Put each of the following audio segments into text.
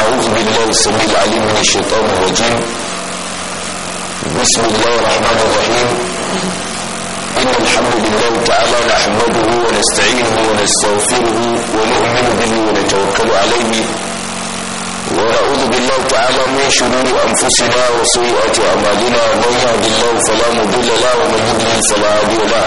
أعوذ بالله السميع العليم من الشيطان الرجيم بسم الله الرحمن الرحيم إن الحمد لله تعالى نحمده ونستعينه ونستغفره ونؤمن به ونتوكل عليه ونعوذ بالله تعالى من شرور أنفسنا وسيئات أعمالنا من يهد الله فلا مضل له ومن يضلل فلا هادي له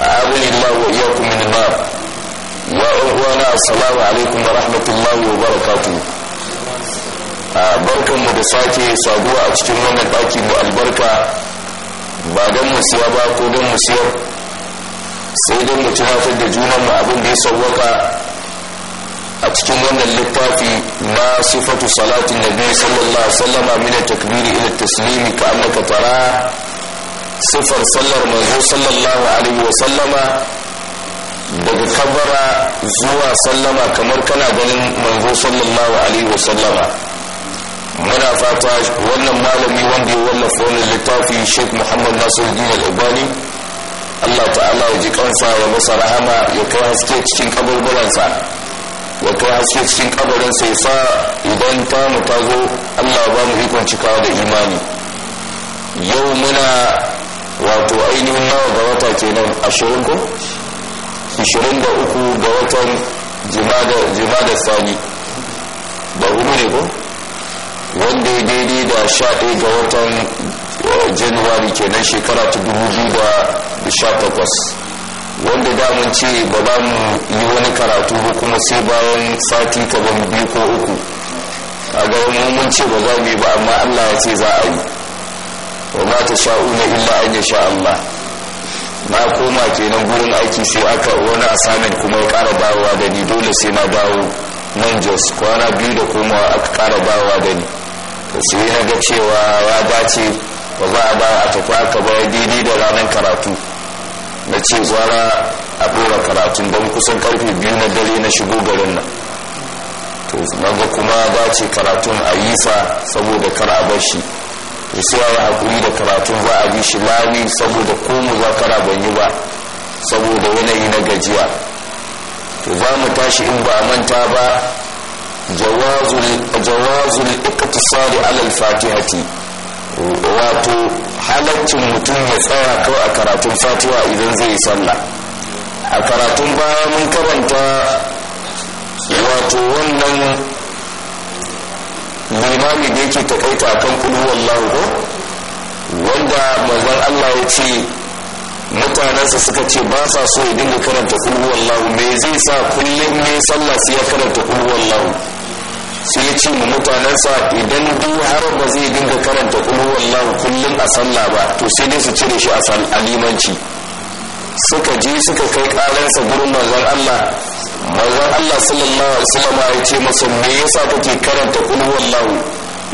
أعاذني الله وإياكم من النار يا أخوانا السلام عليكم ورحمة الله وبركاته barkan mu da sake saduwa a cikin wannan ɗaki mu albarka ba don mu siya ba ko dan mu siya sai don mu tunatar da junan mu abin da ya sauwaka a cikin wannan littafi na sifatu salatin nabi sallallahu alaihi wasallama min takbiri ila taslimi ka annaka tara sifar sallar manzo sallallahu alaihi wa sallama daga kabara zuwa sallama kamar kana ganin manzo sallallahu alaihi wa sallama muna fata wannan malami wanda ya wallafa wannan littafi sheikh muhammad nasiruddin al-albani allah ta'ala ya ji kansa ya masa rahama ya kai haske cikin kaburburansa ya kai haske cikin kabarinsa ya sa idan ta mu ta zo allah ba mu ikon cikawa da imani yau muna wato ainihin nawa ga wata kenan ashirin ko ashirin da uku ga watan jimada sani ba hudu ne ko wanda ya daidai da sha ɗaya ga watan eh, januwari kenan shekara ta dubu biyu da sha takwas wanda damun ce ba za mu yi wani karatu ba kuma sai bayan sati kaban biyu ko uku a ga wani mun ce ba za mu yi ba amma allah ya ce za a yi wa ma ta sha'una illa an ya sha Allah na koma kenan gurin aiki sai aka wani assignment kuma ya kara bawa da ni dole sai na dawo nan jos kwana biyu da kuma aka kara bawa da ni to sai na ga cewa ya dace ba za a ba a tafi aka bayar daidai da ranar karatu na ce gwara a ɗora karatun don kusan karfe biyu na dare na shigo garin nan to na ga kuma dace karatun a yi sa saboda kar a bar shi to sai a hakuri da karatun ba a bi shi lami saboda ko zakara ban yi ba saboda yanayi na gajiya to za mu tashi in ba a manta ba jawazul iqtisari alal fatihati wato halaccin mutum ya tsaya kawai a karatun fatiha idan zai sallah a karatun baya mun karanta wato wannan limami da yake takaita a kan kudu wallahu ko wanda manzon allah ya ce mutanensa suka ce ba sa so ya dinga karanta kudu wallahu me zai sa kullum ne sallah sai ya karanta kudu wallahu sai ya ce mutanensa idan duk har ba zai dinga karanta kudu wallahu kullum a sallah ba to sai dai su cire shi a limanci suka je suka kai karansa gurin manzon allah manzon Allah sallallahu alaihi wasallam ya ce masa me yasa kake karanta kullu wallahu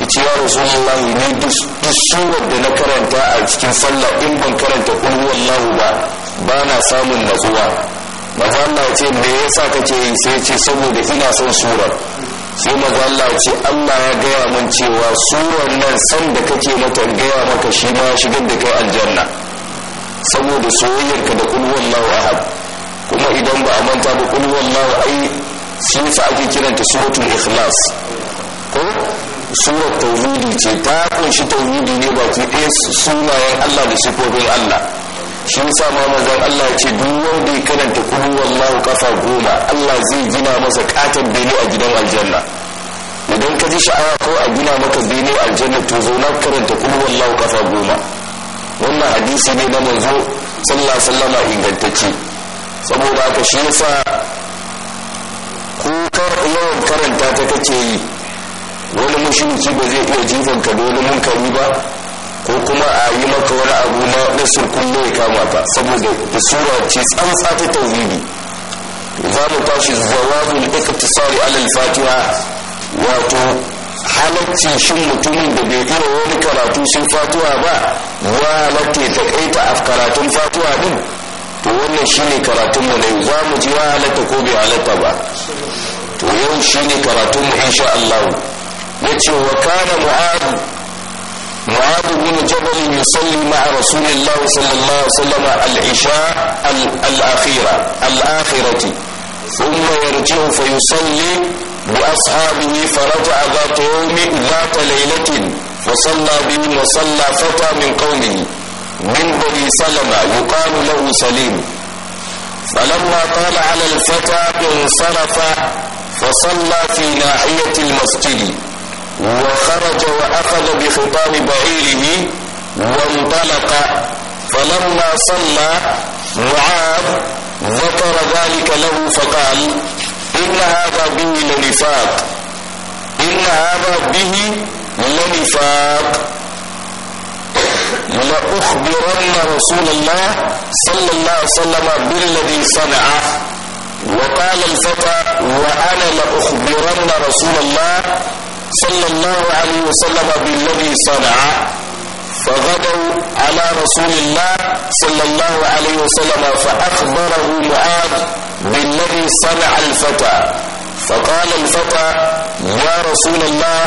yace ya rasulullah ne duk surar da na karanta a cikin sallah in ban karanta kullu wallahu ba ba na samun natsuwa manzon Allah ya ce me yasa kake yi sai ya ce saboda ina son surar sai maza Allah ce Allah ya gaya min cewa surar nan san da kake mata gaya maka shi ma shigar da kai aljanna saboda soyayyarka da wallahu ahad kuma idan ba a manta ba kullu wallahu ai sun yasa ake kiranta suratul ikhlas ko surar tauhidi ce ta kunshi tauhidi ne baki ɗaya sunayen Allah da sifofin Allah shi yasa ma manzon Allah ce duk wanda ya karanta kullu wallahu kafa goma Allah zai gina masa katon bene a gidan aljanna idan ka ji sha'awa ko a gina maka bene aljanna to zauna karanta kullu wallahu kafa goma wannan hadisi ne na manzo sallallahu alaihi wasallama ingantacce saboda ka shi yasa ko yawan karanta ta kake yi wani mushriki ba zai iya jifan ka da wani munkari ba ko kuma a yi maka wani abu na nasir kullum ya kama saboda da sura ce tsantsa ta tauhidi za mu tashi zawabul iktisari alal fatiha wato halarci shin mutumin da bai iya wani karatu sun fatuwa ba ya halatta ta kaita a karatun fatuwa din to wannan shine karatunmu ne za mu ji ya halatta ko bai halatta ba to yau shine karatunmu insha Allah yace wa kana mu'adu mu'adu bin jabal yusalli ma'a rasulillah sallallahu alaihi wasallam al-isha al-akhira al-akhirati thumma yarji'u fa yusalli بأصحابه فرجع ذات يوم ذات ليلة فصلى بهم وصلى فتى من قومه من بني سلمة يقال له سليم فلما طال على الفتى انصرف فصلى في ناحية المسجد وخرج وأخذ بخطام بعيره وانطلق فلما صلى معاذ ذكر ذلك له فقال إن هذا به لنفاق إن هذا به لنفاق لأخبرن رسول الله صلى الله عليه وسلم بالذي صنعه وقال الفتى وأنا لأخبرن رسول الله صلى الله عليه وسلم بالذي صنعه فغدوا على رسول الله صلى الله عليه وسلم فأخبره معاذ بالذي صنع الفتى فقال الفتى يا رسول الله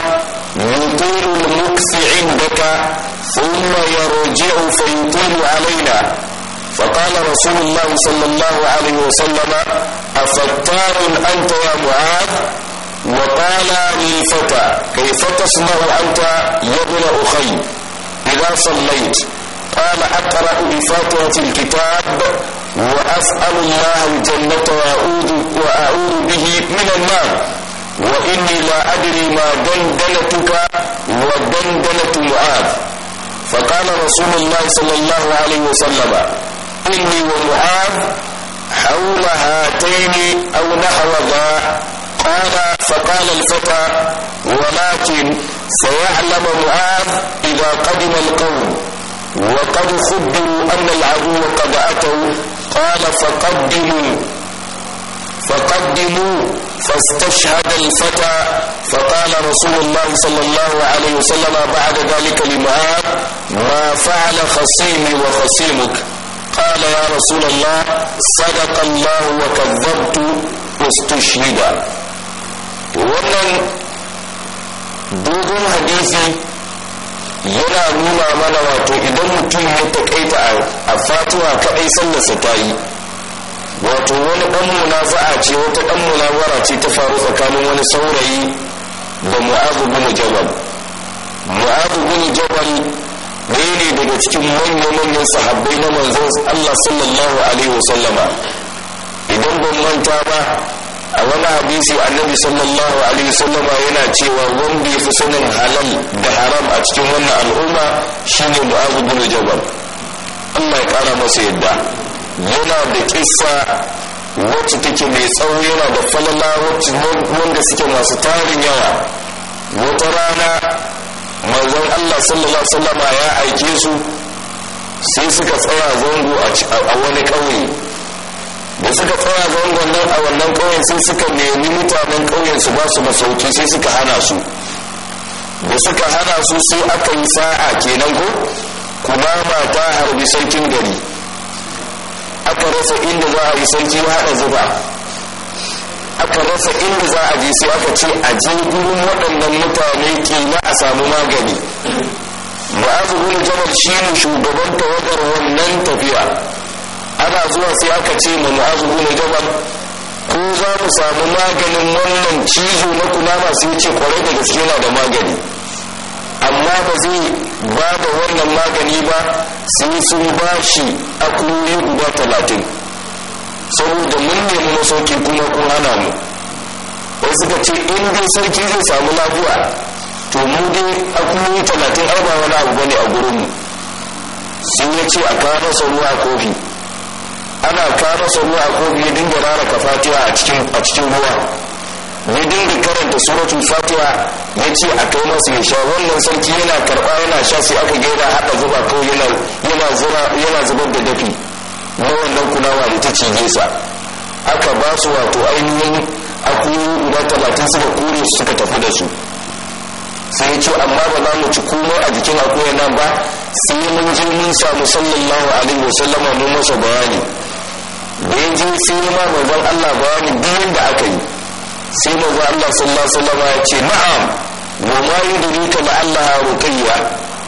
يطيل المكث عندك ثم يرجع فيطيل علينا فقال رسول الله صلى الله عليه وسلم أفتار أنت يا معاذ وقال للفتى كيف تصنع أنت يا ابن أخي إذا صليت قال أقرأ بفاتحة الكتاب وأسأل الله الجنة وأعوذ, وأعوذ به من النار وإني لا أدري ما دندنتك ودندنة معاذ فقال رسول الله صلى الله عليه وسلم إني ومعاذ حول هاتين أو نحو ذا قال فقال الفتى ولكن سيعلم معاذ إذا قدم القوم وقد خبروا أن العدو قد أتوا قال فقدموا فقدموا فاستشهد الفتى فقال رسول الله صلى الله عليه وسلم بعد ذلك لمعاذ ما فعل خصيمي وخصيمك قال يا رسول الله صدق الله وكذبت واستشهد wannan dogon hadisi yana nuna mana wato idan mutum ya taƙaita a fatuwa kaɗai sallasa ta yi wato wani ɗan munafa'a ce wata ɗan munawara ce ta faru tsakanin wani saurayi da mu'azu bin jabal mu'azu bin jabal ɗaya ne daga cikin manya-manyan sahabbai na manzo Allah sallallahu alaihi wasallama idan ban manta ba a wani hadisi annabi sallallahu alaihi wasallama yana cewa wanda ya fi sanin halal da haram a cikin wannan al'umma shine mu'azu bin jabal Allah ya kara masa yadda yana da kissa wacce take mai tsawo yana da falala wacce wanda suke masu tarin yawa wata rana manzon allah sallallahu sallama ya aike su sai suka tsaya zango a wani ƙauye da suka tsaya zango nan a wannan ƙauyen sai suka nemi mutanen ƙauyen su ba su masauki sai suka hana su da suka hana su sai aka yi sa'a kenan ko kuma ba ta harbi sarkin gari aka rasa inda za a yi sarki ya haɗa zuba aka rasa inda za a je sai aka ce a je gurin waɗannan mutane na a samu magani mu'azu da jabal shi ne shugaban tawagar wannan tafiya ana zuwa sai aka ce ma mu'azu bin jabal ko za mu samu maganin wannan cizo na kunama sai ce kwarai da gaske na da magani amma ba zai ba da wannan magani ba sun sun ba shi akulli guda talatin saboda mun nemi masauki kuma kun hana mu wai suka ce in dai sarki zai samu lafiya to mu dai akulli talatin arba wani abu bane a gurin mu sun ya ce a kawo sauro a kofi ana kawo sauro a kofi ya dinga rara kafatiya a cikin ruwa ya dinga karanta suratul fatiha ya ce a kai masu ya sha wannan sarki yana karɓa yana sha sai aka gaira haɗa zuba ko yana zubar da dafi na wannan kunawa da ta cije sa aka ba su wato ainihin akuyoyi guda talatin suka kure su suka tafi da su sai ce amma ba za mu ci komai a jikin akuya nan ba sai mun je mun samu sallallahu alaihi wasallam mun masa bayani da ya je sai ya ma manzon Allah bayani duk da aka yi sai manzon Allah sallallahu alaihi sallam ya ce na'am wa ma yudrika allah allaha rukayya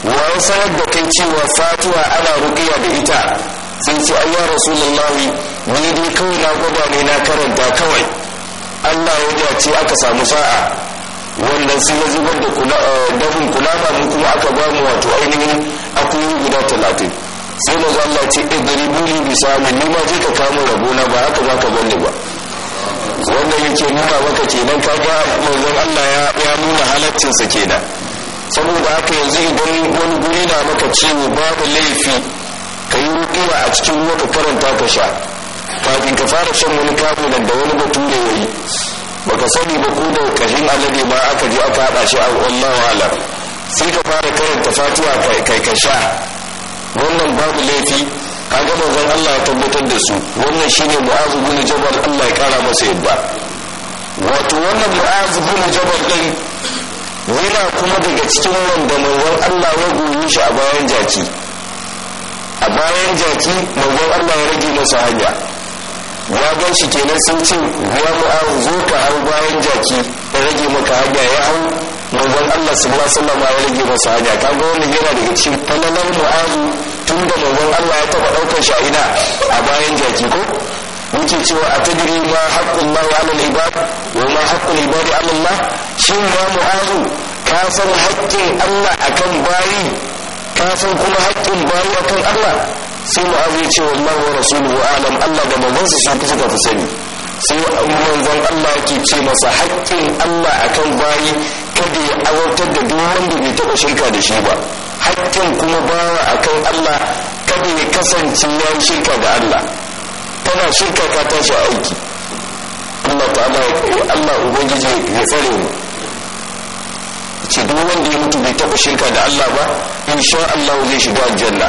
wa sanar da kai cewa fatuha ana rukayya da ita sai ce ayya rasulullahi ni dai kawai na gwada ne na karanta kawai Allah ya ce aka samu sa'a wanda sun yi zubar da eh, dafin kulaba mu kuma aka ba mu wato ainihin akuyi guda talatin sai mazu Allah ce idribu bisa sami ni ma je ka kama rabo na ba haka za ka banne ba wannan yake nuna maka kenan kaga manzon Allah ya nuna halaccinsa kenan saboda haka yanzu idan wani guri na maka ciwo babu laifi ka yi rukuwa a cikin ruwa ka karanta ka sha kafin ka fara shan wani nan da wani bature ya yi baka sani ba ko da kashin alade ma aka je aka haɗa shi a wannan wala sai ka fara karanta fatiha kai ka sha wannan babu laifi kaga zai Allah ya tabbatar da su wannan shine mu'azu bin jabal Allah ya kara masa yadda wato wannan mu'azu bin jabal din yana kuma daga cikin wanda manzon Allah ya goyi shi a bayan jaki a bayan jaki manzon Allah ya rage masa hanya ya gan shi kenan sun ce ya mu'azu zo ka hau bayan jaki ya rage maka hanya ya hau manzon Allah sallallahu alaihi wasallam ya rage masa hanya kaga wannan yana daga cikin falalar mu'azu tun da manzon Allah ya taba daukar shi a ina a bayan jaki ko muke cewa a tadiri ma haƙƙun ma wa alal ibad wa ma haƙƙun ibadi alal ma shin ma mu'azu ka san haƙƙin Allah akan bayi ka san kuma haƙƙin bayi akan Allah sai mu ya ce wallahi wa rasuluhu alam Allah da manzon sa su suka fi sani sai manzon Allah ke ce masa haƙƙin Allah akan bayi kada ya awartar da duk wanda bai taɓa shirka da shi ba haƙƙin kuma bawa a akan Allah kada ya kasance ya yi shirka da Allah tana shirka ka tashi aiki Allah ta'ala Allah ubangiji ya tsare mu ce duk wanda ya mutu bai taɓa shirka da Allah ba insha Allah zai shiga aljanna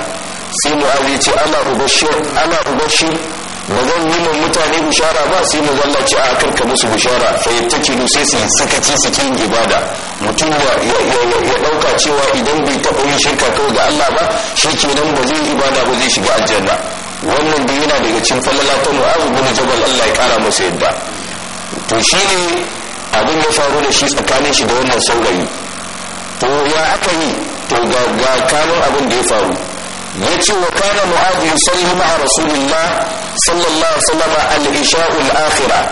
sai mu ce ana ubashir ana ubashir ba zan yi mun mutane bishara ba sai mu zallaci a karka musu bishara fa yattakilu sai su sakaci su kin ibada mutum ya dauka cewa idan bai taɓa yin shirka kawai ga Allah ba shi kenan ba zai ibada ba zai shiga aljanna wannan da yana daga cikin falala ta mu'azu bin jabal Allah ya kara masa yadda to shi ne abin ya faru da shi tsakanin shi da wannan saurayi to ya aka yi to ga kamun abin da ya faru yace wa kana mu'ad yusalli ma'a rasulillah sallallahu alaihi wasallam al-isha'u al-akhirah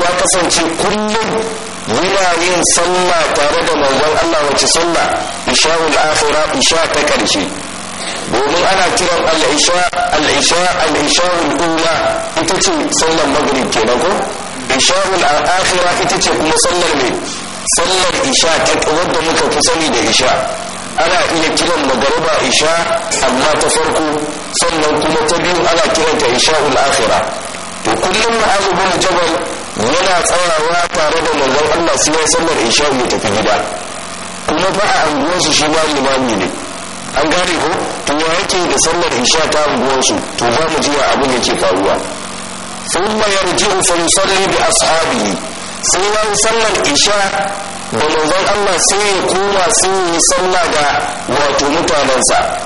ya kasance kullum yana yin sallah tare da manzon Allah wace sallah isha'u al isha ta karshe domin ana kiran al-isha al-isha ita ce sallar maghrib ita ce kuma sallar sallar isha ta muka fi sani da isha ana iya kiran magariba isha amma ta farko sannan kuma ta biyu ana kiranta isha'ul akhira to kullum na bin jabal yana tsayawa tare da manzon Allah su yi sallar isha ya tafi gida kuma fa a anguwarsu shi ba limami ne an gane ko to ya yake da sallar isha ta anguwarsu to za mu ji abin yake faruwa sun يرجع فيصلي بأصحابه sai ya yi sallar isha da manzon Allah sai ya kuma sun yi salla ga wato mutanensa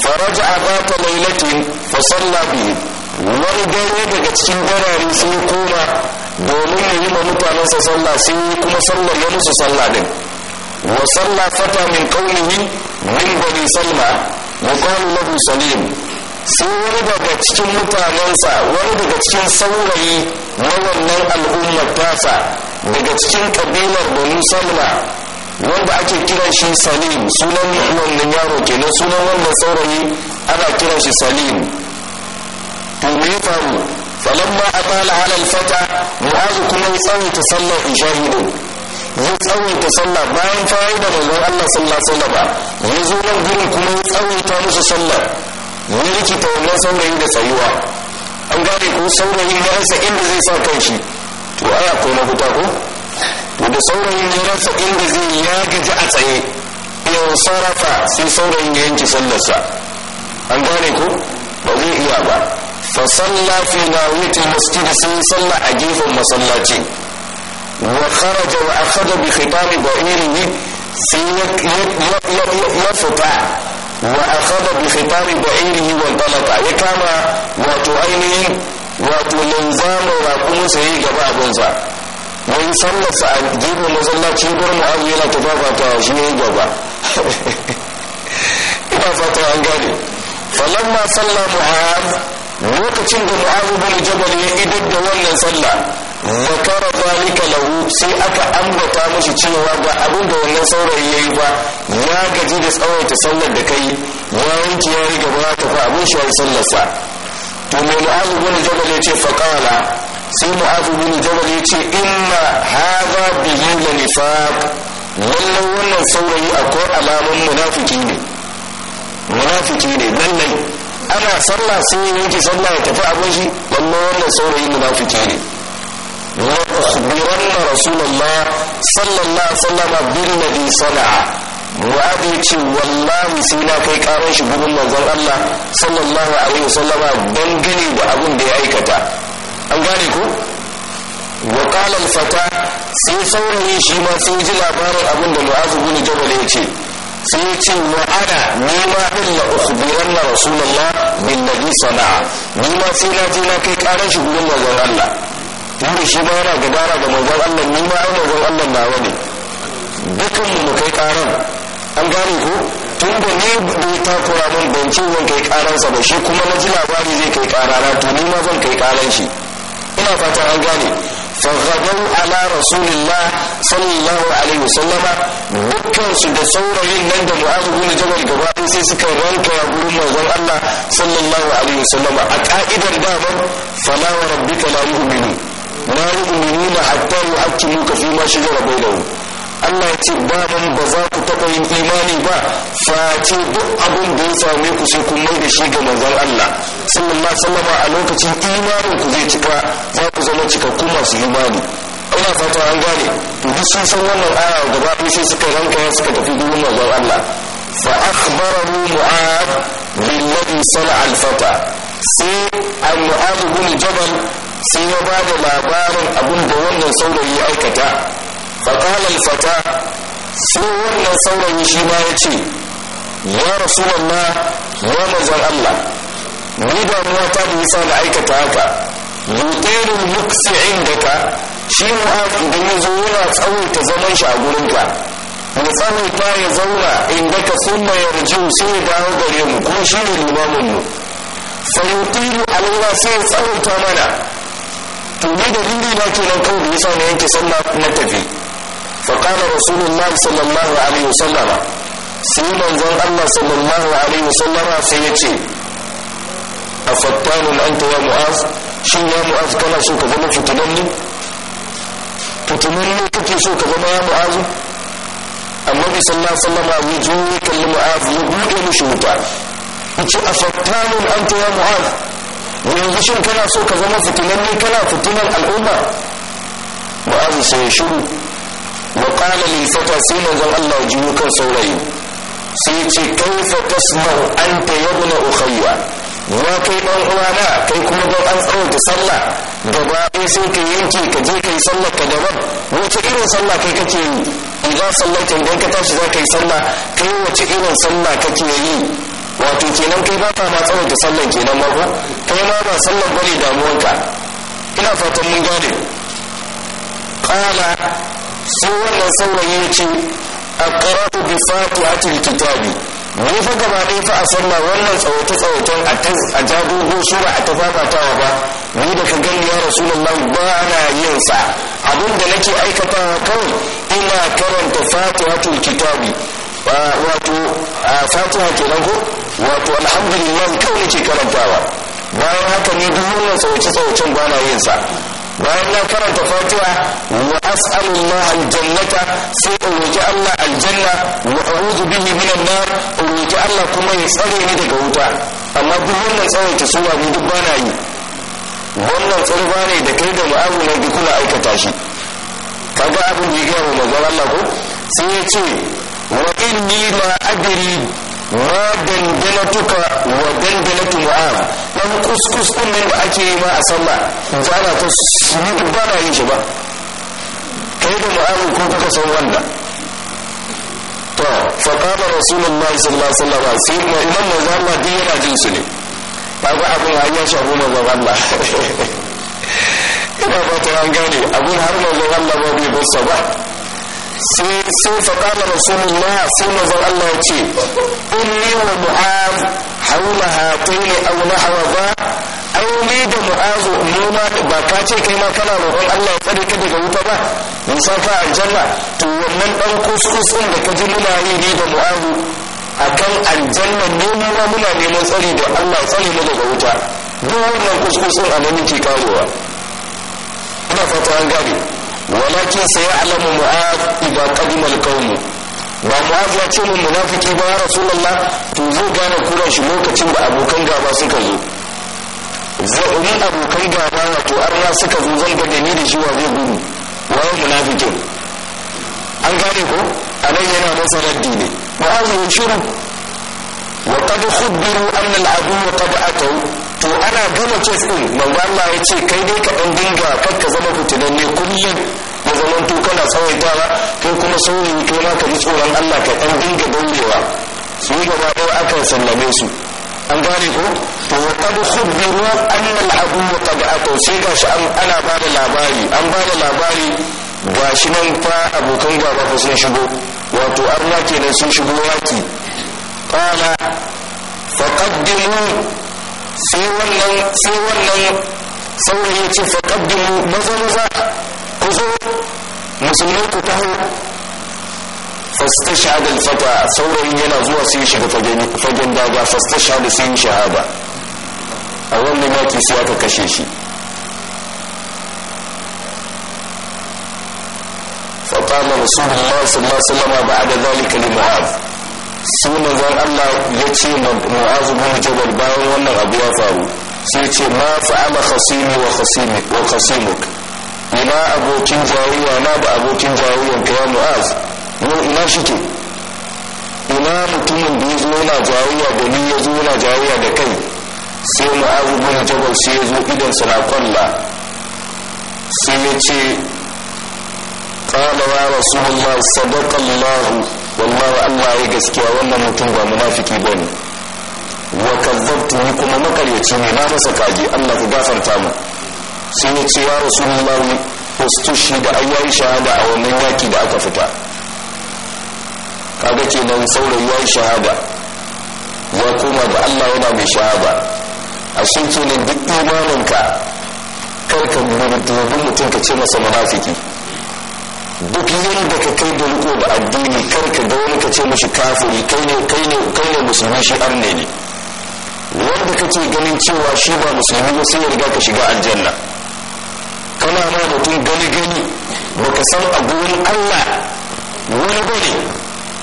faraja a bata lailatin fa salla bihi wani dare daga cikin darari sun yi kuma domin yi ma mutanensa salla yi kuma sallar ya musu salla din wa salla fata min qaumihi min bani salma wa qalu lahu salim sun wani daga cikin mutanensa wani daga cikin saurayi na wannan al'ummar tasa daga cikin kabilar banu salma wanda ake kiran shi salim sunan wannan yaro na sunan wannan saurayi ana kiran shi salim to me ya faru falamma atala ala alfata mu'azu kuma ya tsawaita sallar ishahidu ya tsawaita sallah bayan fara da manzon Allah sallallahu alaihi wasallam ya zo nan gurin kuma ya tsawaita musu sallah ya rikita wannan saurayi da tsayuwa an gane ko saurayi ya rasa inda zai sa kanshi waya ko na huta ko da saurayin ya rasa inda zai ya gaji a tsaye ya sarrafa sai saurayin ya yanki sallarsa an gane ko ba zai iya ba fa salla fi nawiyatil masjid sai salla a gefen masallaci wa kharaja wa akhadha bi khitami ba'irihi sai ya fita wa akhadha bi khitami ba'irihi wa talaqa ya kama wato ainihin wato linzamin rakumin sa yi gaba abinsa wani sallarsa a gefen masallaci bar abu yana ta shi ne gaba ina fata an gane falamma salla mu'az lokacin da mu'azu bin jabal ya idar da wannan salla zakara zalika lahu sai aka ambata mashi cewa ba abin da wannan saurayi yayi ba ya gaji da tsawaita sallar da kai ya yayi ya riga ba ta fa abin shi sallarsa to mai mu'azu bin jabal ya ce faƙala sai mu'azu bin jabal ya ce inna haza bihi la nifaq lallai wannan saurayi akwai alamun munafiki ne munafiki ne lallai ana sallah sai yanki sallah ya tafi abin shi lallai wannan saurayi munafiki ne لأخبرن رسول الله صلى الله عليه وسلم بالذي sana'a. mu'abu ya ce wallahi sai na kai karon shi gudun manzon Allah sallallahu alaihi don dangane da abin da ya aikata an gane ko wa qala fata sai saurayi shi ma sai ji labarin abin da mu'azu bin jabal ya ce sai ya ce wa ana ni ma din la ukhbiranna rasulullah bin nabi sana'a ni ma sai na je na kai karon shi gudun manzon Allah tunda shi ma yana gadara da manzon Allah ni ma ai manzon Allah na wani dukan mu kai karon an gane ko tun da ne bai takura min ban ce zan kai karansa ba shi kuma na ji labari zai kai karara to ni ma zan kai karan shi ina fata an gane فغدوا ala rasulillah الله صلى الله dukkan su da saurayin nan da mu'azu bin jabal gaba sai suka ranka ya gurin manzon Allah sallallahu alaihi wasallama a ka'idar daman fala wa rabbika la yu'minu na na hatta ka fi ma da wu. Allah ya ce baban ba za ku taɓa yin imani ba face duk abin da ya same ku sai kun mai da shi ga manzon Allah sallallahu sallama a lokacin imanin ku zai cika za ku zama cikakku masu imani ina fata an gane to duk sun san wannan aya gaba ɗaya sai suka ranka suka tafi gurin manzon Allah fa akhbarahu mu'ad billadhi sala al-fata sai an muad bin jabal sai ya ba da labarin abin da wannan saurayi aikata faƙalar fata sai wannan saurayi shi ma ya ce ya rasulallah ya mazan allah ni damuwa ta da nisa da aikata haka yutirin muksi'in da ka shi mu'af idan ya zo yana tsawaita zaman shi a gurinka mu tsawaita ya zauna inda ka summa yarjiu sai ya dawo gare mu kuma shi ne limamin mu fayutiru alwa sai ya tsawaita mana to ni da dindi na kenan kawai da yasa na yanke sallah na tafi فقال رسول الله صلى الله عليه وسلم سيما زن الله صلى الله عليه وسلم سيتي أفتان أنت يا معاذ شو يا معاذ كان سوك زمن فتنني فتنني كتي سوك زمن يا معاذ النبي صلى الله عليه وسلم يجيك لمعاذ يقول له شو yace afattamun anta ya mu'az yanzu shin kana so ka zama fitinanne kana fitinan al'umma mu'az sai ya shiru qala lil fata sai manzon Allah ya jiyo kan saurayi sai ce kaifa tasma'u anta ya ibn ukhayya wa kai dan uwana kai kuma don an tsawaita sallah da ɗaya sai ka yanke ka je ka yi sallah ka daban wace irin sallah kai kake yi idan sallaita idan ka tashi za ka yi sallah kai wace irin sallah kake yi wato kenan kai ba ka ma tsawaita sallah kenan mako kai ma ba sallan bane damuwanka ina fatan mun gane qala sai wannan saurayi ya ce a karatu bi cikin kitabi ni fa gaba ɗaya fa a sallah wannan tsawace tsawacen a jagogo ba a tafafatawa ba ni da ka gani ya nan ba na yin sa abin da nake aikatawa kawai ina karanta cikin kitabi wato a cikin ko wato alhamdulillah kawai nake karantawa bayan haka ne duk wannan tsawace tsawacen ba na yin sa bayan na karanta fatiha wa as'alullah aljannata sai in roki Allah aljanna wa a'udhu bihi minan nar Allah kuma ya tsare ni daga wuta amma duk wannan tsawaita suwa mu duk bana yi wannan tsarfa ne da kai da mu'abu na bi kuma aikata shi kaga abin da ya gaya wa manzon ko sai ya ce wa inni ma adri wadandalatuka wa dandalatu mu'am dan kuskus din nan da ake yi ma a sallah yanzu ana ta ni ba na yin shi ba kai da mu'amin ko kuka san wanda to fa sai sai faƙala rasulullah sai mazan Allah ya ce inni wa mu'az haula hatayni aw nahwa ba aw ni da mu'azu mu ma ba ka ce kai ma kana roƙon Allah ya tsare ka daga wuta ba mun san fa aljanna to wannan dan kuskusun da ka ji muna yi ni da mu'azu akan aljanna ne mu ma muna neman tsari da Allah ya tsare mu daga wuta duk wannan kuskusun a nan ke kawowa ina fata an gabe walakin sai alamu mu'az idan qadima alqawm ba mu'az ya ce mun munafiki ba ya rasulullah to zai gane kuran shi lokacin da abokan gaba suka zo zaɓi abokan gaba wato arna suka zo zan ga ni da shi wa zai gudu waye munafikin an gane ko a yana masa raddi ne mu'az ya shiru wa qad khubbiru anna al-adu qad atau to ana gama kes din manzo Allah ya ce kai dai ka dan dinga fakka zama ne kullum da zaman to kana tsawaitawa ko kuma saurayi to na ka ji tsoron Allah ka dan dinga daurewa su gaba ɗaya akan sallame su an gane ko to wa qad khubiru an al-abu qad atau sai gashi shi ana ba da labari an ba da labari gashi nan fa abokan gaba ba sun shigo wato ke kenan sun shigo waki qala faqaddimu sai wannan sai wannan saurayi ya ce faƙaddimu maza maza ku zo musulmai ku taho fastashhad al-fata saurayin yana zuwa sai ya shiga fagen daga fastashhad sai ya shahada a wannan yaki sai aka kashe shi فقام رسول الله صلى الله عليه وسلم بعد ذلك لمعاذ sai zan Allah ya ce mu'azu bin jabal bayan wannan abu ya faru sai ce ma fa'ala khasimi wa khasimi wa khasimuk ina abokin jawiya na ba abokin jawuwan ka ya mu'az yau ina shi ke ina mutumin da ya zo na jawuwa domin ya zo na jawiya da kai sai mu'azu bin jabal sai ya zo idan na kwalla sai ya ce يا رسول الله صدق الله wallahi Allah ya gaskiya wannan mutum ba munafiki bane wa kazzabtu ni kuma makaryaci ne na masa kaji Allah ku gafarta mu sun yi ce ya rasulullahi ustushi da ayyayi shahada a wannan yaki da aka fita kaga ke nan saurayi yayi shahada ya koma da Allah yana mai shahada a shi kenan duk imaninka kar ka mutum ka ce masa munafiki duk yadda ka kai da riko da addini kar ka wani ka ce mashi kafiri kai ne kai ne kai ne musulmi shi an ne wanda kake ganin cewa shi ba musulmi ba sai ya riga ka shiga aljanna kana ma mutum gani gani baka san a gurin Allah wani bane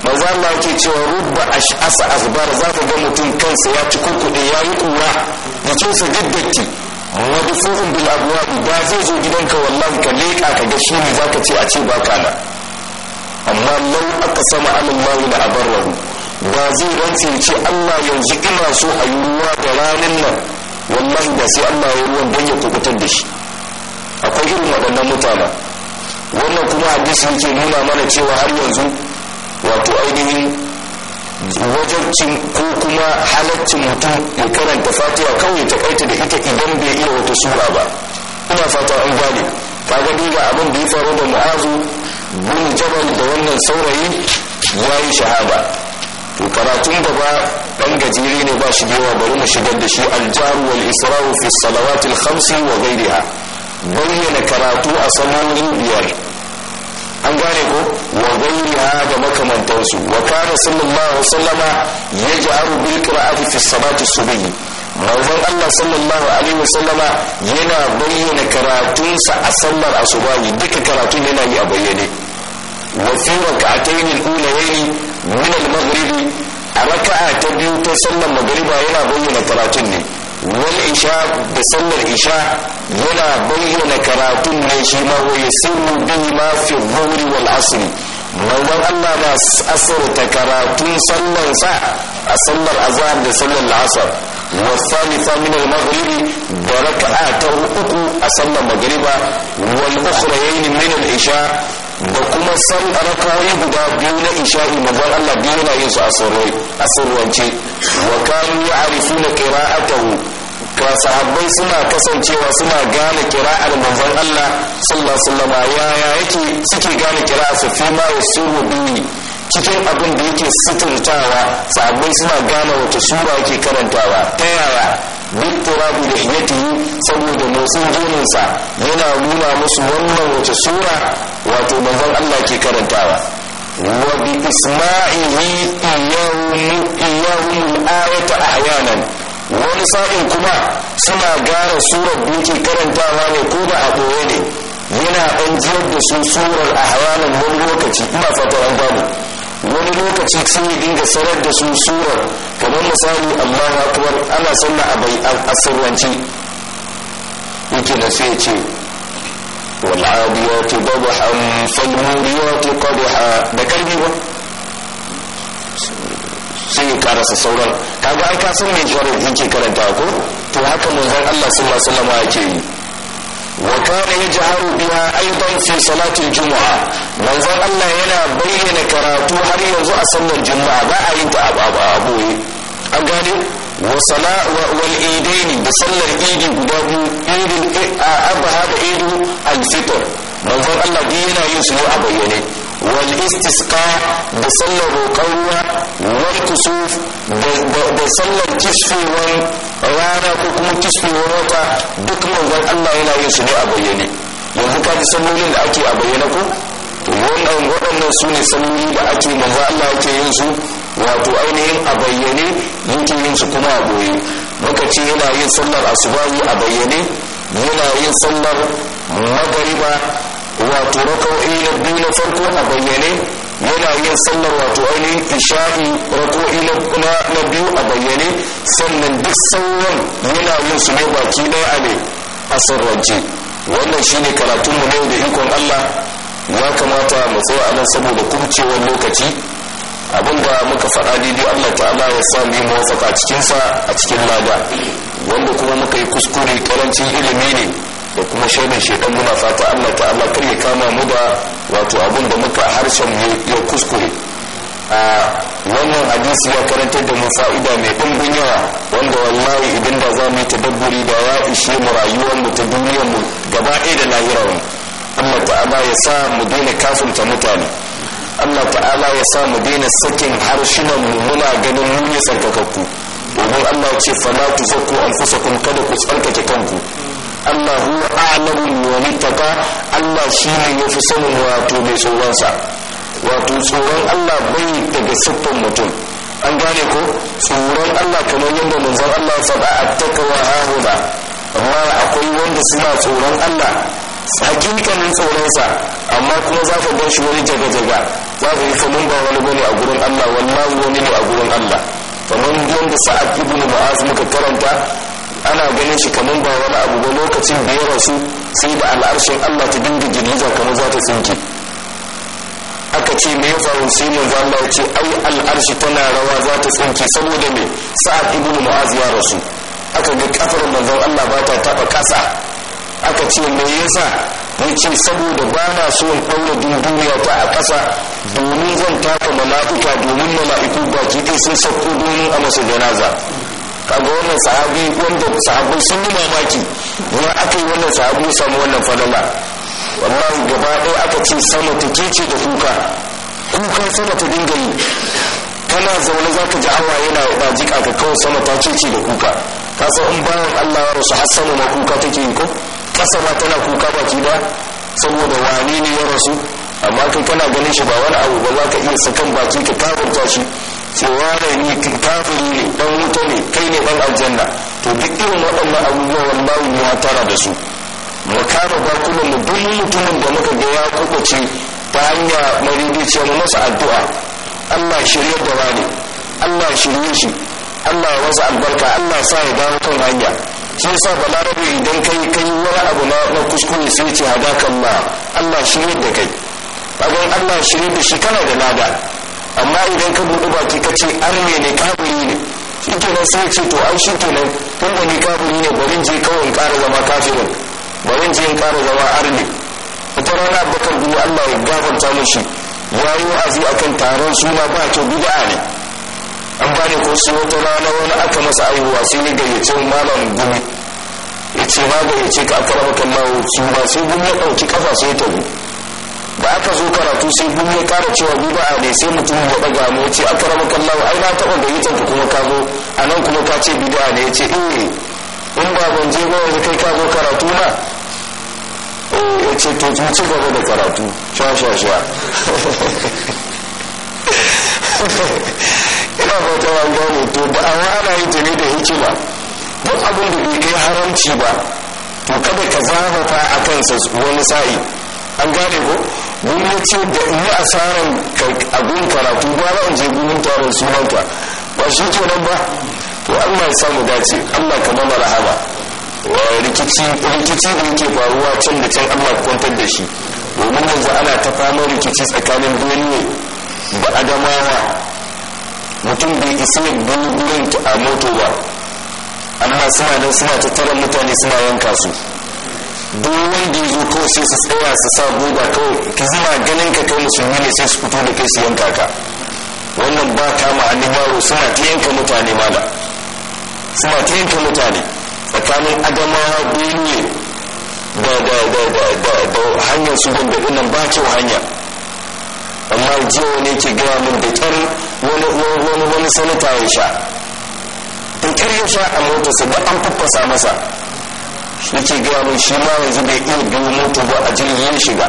maza Allah yake cewa rubba asa asbar za ka ga mutum kansa ya ci kukuɗe ya yi kura jikinsa diddatti madfu'un bil abwab ba zai zo gidanka wallahi ka leka ka ga shi ka ce a ce ba kana amma lau aka sama alallahi da abarrahu ba zai rance ce Allah yanzu ina so a yi ruwa da ranin nan wallahi da sai Allah ya ruwan don ya kubutar da shi akwai irin waɗannan mutane wannan kuma hadisi yake nuna mana cewa har yanzu wato ainihin wajen cin ko kuma halaccin mutum ya karanta fatiha kawai ta kaita da ita idan bai iya wata sura ba ina fata an gane ga duba abin da ya faru da mu'azu bin jabal da wannan saurayi ya yi shahada to karatun gaba dan gajiri ne ba shi da yawa bari mu shigar da shi aljaru wal isra'u fi salawatil khamsi wa ghayriha bayyana karatu a sallolin biyar an gane ko wa bayyana ga makamantansu wa kana sallallahu alaihi wasallama yaj'aru bil qira'ati fi salati subhi manzon Allah sallallahu alaihi sallama yana bayyana karatun sa a sallar asubahi duka karatun yana yi a bayyane wa fi rak'atayn al ulayni min al maghribi a raka'a ta biyu ta sallar magriba yana bayyana karatun ne wal isha da sallar isha yana bayyana karatun ne shi ma wa yusiru bihi ma fi dhuhri wal asri manzon Allah na asarta karatun sallar sa a sallar azhar da sallar asar wa thalitha min al maghrib da raka'a ta uku a sallar magriba wal ukhrayayn min al isha da kuma san rakawoyi guda biyu na isha'i manzon Allah biyu na yin su a sirrance wa kanu ya'rifuna qira'atahu wa sahabbai suna kasancewa suna gane kira'ar manzon Allah sallallahu alaihi wasallam yaya yake suke gane kira'a su fi ma usulu cikin abin da yake suturtawa sahabbai suna gane wata sura yake karantawa ta yaya bittirabu da hiyatihi saboda motsin sa yana nuna musu wannan wata sura wato manzon Allah ke karantawa wa bi isma'ihi iyahum iyahum al-ayata ahyanan wani sa'in kuma suna gara surar duki karantawa ne ko da a ɓoye ne yana ɗan jiyar da su surar a hawanin wani lokaci ina fata an gano wani lokaci sun yi dinga sarar da su surar kamar misali amma hakuwar ana sanna a bai asirwanci yake na sai ce والعاديات ضبحا فالموريات قدحا ده كلمه sai ya karasa sauran kaga ai ka san mai shawarar yake karanta ko to haka manzon Allah sallallahu alaihi wasallam yake yi wa kana yajharu biha aidan fi salatil jumu'a manzon Allah yana bayyana karatu har yanzu a sallar juma'a ba a yin ta a aboye an gane wa sala wal idain da sallar idi guda biyu idin eh, abha da idu al-fitr manzon Allah duk yana yin su a bayyane wal istisqa da sallar roƙon ruwa wal da sallar kisfewar rana ko kuma kisfewar wata duk manzon Allah yana yin su ne a bayyane yanzu ka ji da ake a bayyane ko waɗannan su ne salloli da ake manzon Allah yake yin su wato ainihin a bayyane yake yin su kuma a goye muka ce yana yin sallar asubahi a bayyane yana yin sallar magariba wato raka'o'i na biyu na farko a bayyane yana yin sallar wato ainihin isha'i raka'o'i na biyu a bayyane sannan duk sauran yana yin su ne baki ɗaya a ne a sirrance wannan shine karatun karatunmu ne da ikon allah ya kamata mu tsaya nan saboda kubcewar lokaci abin da muka faɗa daidai Allah ta'ala ya sa mu yi mawafaka cikinsa a cikin lada wanda kuma muka yi kuskure karancin ilimi ne da kuma shaidan shaidan muna fata Allah ta'ala kar ya kama mu da wato abun da muka harshen mu ya kuskure a wannan hadisi ya karantar da mu fa'ida mai ɗumbin yawa wanda wallahi idan da za mu yi tadabburi da ya ishe mu rayuwar mu ta duniyar mu gaba ɗaya da lahirar mu Allah ta'ala ya sa mu daina kafinta mutane Allah ta'ala ya sa mu daina sakin harsunan mu muna ganin mun yi tsarkakakku domin Allah ce an fusa anfusakum kada ku tsarkake kanku Allah huwa a'lamu wa mutaka Allah ya fi sanin wato mai tsoronsa wato tsoron Allah bai daga siffan mutum an gane ko tsoron Allah kamar yadda manzon Allah ya faɗa attaqwa hahuna amma akwai wanda suna tsoron Allah hakikanin tsoronsa amma kuma za ka gan shi wani jaga-jaga za ka yi famin ba wani bane a gurin Allah wallahi wani ne a gurin Allah kamar yadda sa'ad ibn mu'az muka karanta ana ganin shi kamar ba wani abu ba lokacin da ya rasu sai da al'arshin Allah ta dinga jiniza kamar za ta tsinke aka ce me faru sai za Allah ce ai al'arshi tana rawa za ta tsinke saboda me sa'ad ibnu mu'az ya rasu aka ga kafar manzon Allah ba ta taba kasa aka ce me yasa yace saboda ba na so in daura dunduniya ta a kasa domin zan taka mala'ika domin mala'iku baki ɗaya sun sauko domin a masa janaza kaga wannan sahabi wanda sahabi sun yi mamaki wani aka yi wannan sahabi samu wannan falala wallahi gaba ɗaya aka ce sama ta kece da kuka kuka sama ta dinga yi kana zaune za ka ji awa yana da jika ka kawo sama ta kece da kuka ka san in bayan Allah ya rasu hassanu na ma kuka take yi ko kasa ma tana kuka baki da saboda wani ne ya rasu amma kai kana ganin shi ba wani abu ba za ka iya sakan baki ka ta shi cewa da ni kafiri ne dan wuta ne kai ne dan aljanna to duk irin waɗannan abubuwa wallahi mu tara da su mu kama bakunan mu duk mutumin da muka ga ya kubuce ta hanya maridiciya mu masa addu'a Allah shirye da wani Allah shirye shi Allah ya albarka Allah sa ya dawo kan hanya shi yasa balarabe idan kai kai wani abu na kuskure sai ce hadakan Allah Allah shirye da kai bayan Allah shirye da shi kana da lada amma idan ka buɗe baki ka ce an ne kaburi ne shi nan sai ce to an shi kenan tun da ni kafiri ne barin je kawai in ƙara zama kafirin barin je in ƙara zama arni ita rana abubakar biyu allah ya gafarta mishi ya yi wa'azi akan taron suna ba kyau bid'a ne an bani ko sai wata rana wani aka masa aihuwa sai ni gayyace malam gumi ya ce ma gayyace ka aka raba kan mawo su ba sai gumi ya ɗauki ƙafa sai ta tafi ba aka zo karatu sai duk ya kara cewa bida'a ne sai mutum ya daga mu yace akramaka Allah ai na taba gayyatar ku kuma ka zo anan kuma ka ce bida'a ne yace eh in ba ban je ba yanzu kai ka zo karatu na eh yace to mu ci gaba da karatu sha sha sha ina fata an gane to ba amma ana yin ta ne da hikima duk abin da bai kai haramci ba to kada ka zafafa a kansa wani sa'i an gane ko mun ce da in yi asaran abin karatu ba in je gudun taron sunanta ba shi nan ba to allah ya samu dace allah ka mana rahama eh, rikici rikici da yake faruwa can da can allah kwantar da shi domin yanzu ana ta fama rikici tsakanin duniya da adamawa mutum bai isa ta a moto ba amma suna nan suna tattara mutane suna yanka su domin wanda ya zo sai su tsaya su sa buga ko ka zama ganin ka kai musulmi ne sai su fito da kai su yanka ka wannan ba kama hannun yaro suna ta yanka mutane mala suna ta yanka mutane tsakanin adamawa benue da da da da da da hanyar su gombe ba kyau hanya amma jiya wani ke gaya min da kyar wani wani wani sanata ya sha da kyar ya sha a motarsa da an fafasa masa yake gaya shi ma yanzu bai iya biyu moto ba a jirgin shiga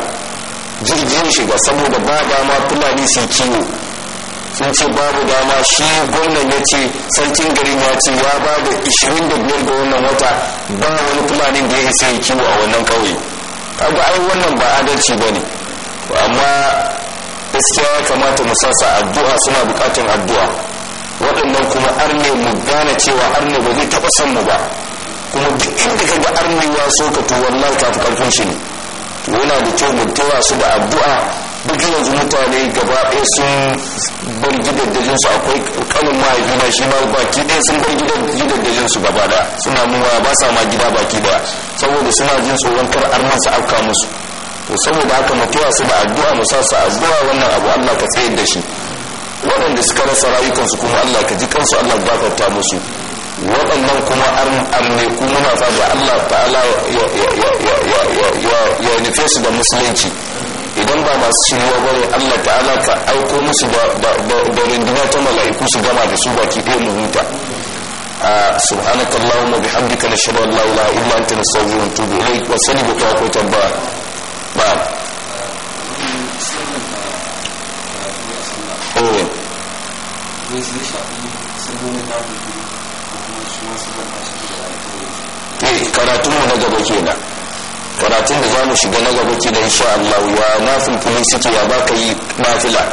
jirgin shiga saboda ba dama fulani sai kiwo sun ce babu dama shi gwamnan ya ce sarkin garin ya ce ya ba da 25 ga wannan wata ba wani fulani da ya isa ya kiwo a wannan kauye kaga ai wannan ba adalci ba ne amma gaskiya ya kamata mu sasa addu'a suna bukatun addu'a waɗannan kuma arne mu gane cewa arne ba zai taɓa son mu ba kuma duk inda ka ga arnin ya so ka to wallahi ka fi karfin shi ne to yana da kyau mu tura su da addu'a duk yanzu mutane gaba ɗaya sun bar dajin su akwai kalin ma shi ma baki ɗaya sun bar dajin su gaba da suna mun waya ba sa ma gida baki daya saboda suna jin tsoron kar arnan su afka musu to saboda haka mu tura su da addu'a mu sa su addu'a wannan abu Allah ka tsayar da shi waɗanda suka rasa rayukansu kuma Allah ka ji kansu Allah gafarta musu waɗannan kuma na muna da Allah ta'ala ya nufe su da musulunci idan ba masu shirya ba ne Allah ta'ala ka aiko musu da rindina ta mala'iku su gama da su baki ɗaya mu huta سبحانك اللهم وبحمدك نشهد ان لا اله الا انت نستغفرك sani اليك وسلم وتوكلت الله ba Oh. karatun mu na gaba karatun da zamu shiga na gaba kenan insha Allah ya fi kuma suke ya baka yi nafila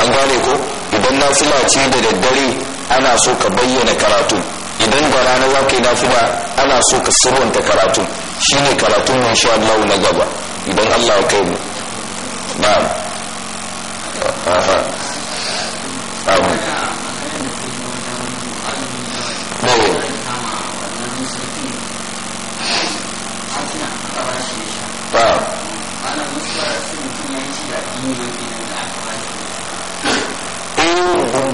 an gane ko idan nafila ce da daddare ana so ka bayyana karatun idan da rana za ka yi nafila ana so ka sirwanta karatu shine karatun mu insha Allah na gaba idan Allah ya kai mu na'am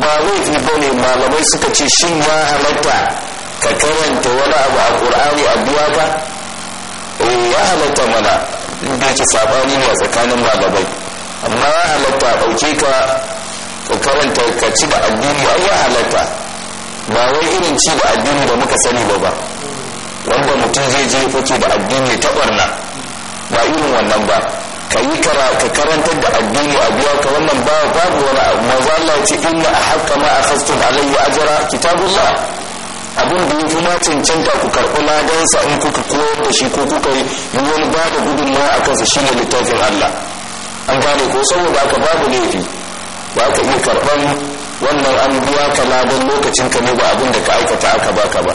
ba laifi ba ne malamai suka ce shin ma halatta ka karanta wani abu a ƙur'ani a biya ba eh, ya halatta mana inda ke sabani ne a tsakanin malamai amma ya halatta a ɗauke ka ka karanta ka ci da addini ai ya halatta ba wai irin ci da addini da muka sani ba ba wanda mutum zai je fake da addini ta ɓarna ba irin wannan ba kayi yi ka karanta da addini a biya ka wannan babu wani abu maza Allah ya ce inna a haka ma a khastun alayya kita kitabullah abin da fi ma cancanta ku karɓi ladansa in kuka koyar da shi ko kuka yi wani ba da gudunmawa a kansa shi ne littafin Allah an gane ko saboda aka babu laifi ba ka iya karɓan wannan an biya ka ladan lokacin ka ne ba abin da ka aikata aka baka ba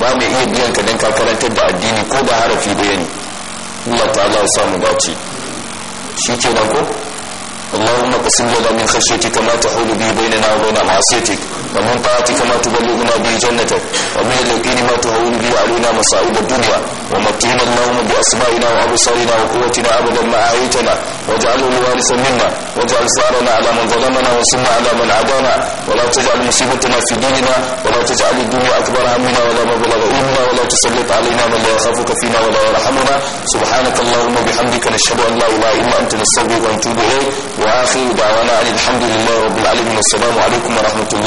ba mai iya biyan ka don ka karantar da addini ko da harafi da yani Allah ta'ala ya samu dace. shi ke ko Allahumma qasim lana min khashyatika ma biyu bi bainana wa bayna ma'siyatika ومن طاعتك ما تبلغنا به جنتك ومن اليقين ما تهون به علينا مصائب الدنيا ومتعنا اللهم بأسمائنا وأبصارنا وقوتنا أبدا ما أعيتنا واجعله الوارث منا واجعل ثارنا على من ظلمنا وانصرنا على من عدانا ولا تجعل مصيبتنا في ديننا ولا تجعل الدنيا أكبر همنا ولا مبلغ علمنا ولا تسلط علينا من لا يخافك فينا ولا يرحمنا سبحانك اللهم وبحمدك نشهد أن لا إله إلا أنت نستغفرك ونتوب إليك وآخر دعوانا أن الحمد لله رب العالمين والسلام عليكم ورحمة الله